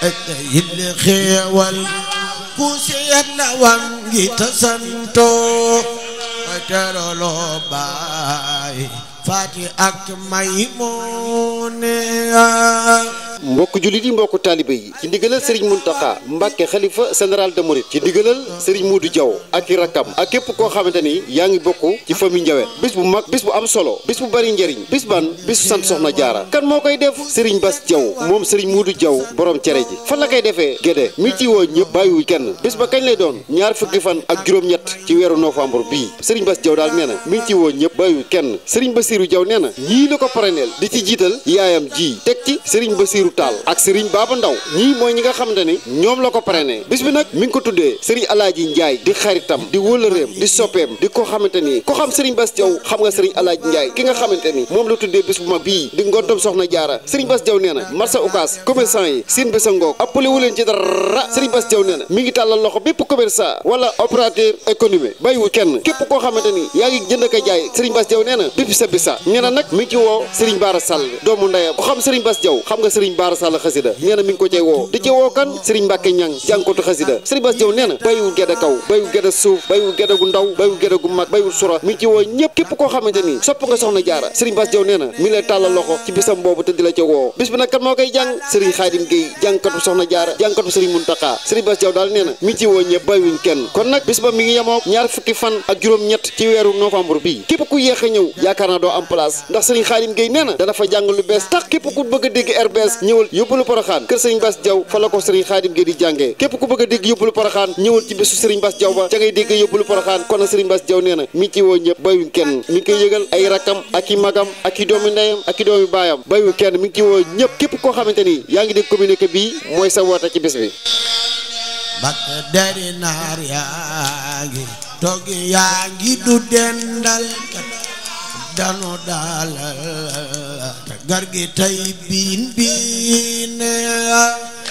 ak yille xéewal ku seet la wam ngi ta santoo teraloo baay faati ak may moone mbokk julit yi mbokk Tali yi ci ndigalal sering muntaha Mbàkke khalifa général de Mouride ci ndigalal sering moudou jauh, ak rakam ak képp ko yang yaangi bokku ci fami Njawet bis bu mag bis bu am solo bis bu bari njëriñ bis ban bisu sant soxna jaara kan mo koy def serigne Bas jauh, mom sering moudou jauh, borom cere ji fa la koy defee gédé mi ci wo ñëpp bàyyiwuñ kenn bis ba kañ lay doon ñaar fukki fan ak juroom ñet ci wéru novembre bi serigne Bas jauh dal nee mi ci wo ñëpp bàyyiwuñ kenn serigne bassirou diaw ñi di ci jital yaayam ji tek ci serigne bassirou Tall ak Serigne Baba Ndaw ñi moy ñi nga xamante ñom la ko parrainé bis bi nak mi ngi ko tuddé Serigne Alaaji ndjay di xaritam di wolereem di sopem, di ko xamante ko xam Serigne Bass Diaw xam nga Serigne Alaaji ndjay ki nga xamante mom la tuddé bis bu ma bi di ngontom soxna jaara Serigne Bass Diaw nee marsa oukas commerçant yi seen bésa ngoog appelé wulen ci dara Serigne Bass Diaw mi ngi talal loxo commerçant wala opérateur économique bayu kenn képp ko xamante yaagi jënd ka jaay Serigne Bass Diaw nee sa bisa ñena nak mi ci wo Serigne Bara Sall doomu ndeyam ko xam Serigne Bass xam nga Serigne Baara Sall xasida neena mi ngi ko cey wo di ci wo kan Serigne Mbacke Niang jankotu xasida Serigne Bass Diaw neena bayu bàyyiwul gedda kaw bayu gedda suuf bayu gedda gu ndaw bayu gedda gu mag bayu sura mi ci wo ñepp kep ko xamanteni sopp nga soxna jaara Serigne Bass Diaw neena mi lay talal loxo ci bisam bobu te dila ci wo bis bi nak kan mo koy jang Serigne Khadim Gueye jankatu soxna jaara jankatu Serigne muntaka Serigne Bass Diaw dal neena mi ci wo ñepp bàyyiwuñ kenn kon nak bis ba mi ngi yamok ñaar fukki fan ak juroom ñet ci wéru novembre bi kep ku yéex ñew yaakaarna do am place ndax Serigne Khadim Gueye neena dana fa jang lu bes tax kep ku bëgg dégg RBS ñëw ñewul yobul paraxan kër serigne Bass Diaw fa la ko serigne khadim gedi jange kep ku bëgg a dégg yóbbalu poroxaan ñëwal ci bisu serigne Bass Diaw ba ca ngay dégg yobul paraxan kon serigne Bass Diaw neena mi ci wo ñëpp bayu kenn mi ngi koy yëgal ay rakam ak i magam ak i doomi ndeyam ak i doomi bayam bayu kenn mi ngi wo woo kep ko xamanteni xamante ni yaa ngi dégg communiqué bii mooy sa woote ci bis bi bak dari nar yaangi tok yaangi du dendal dano dalal gargi tay biin biin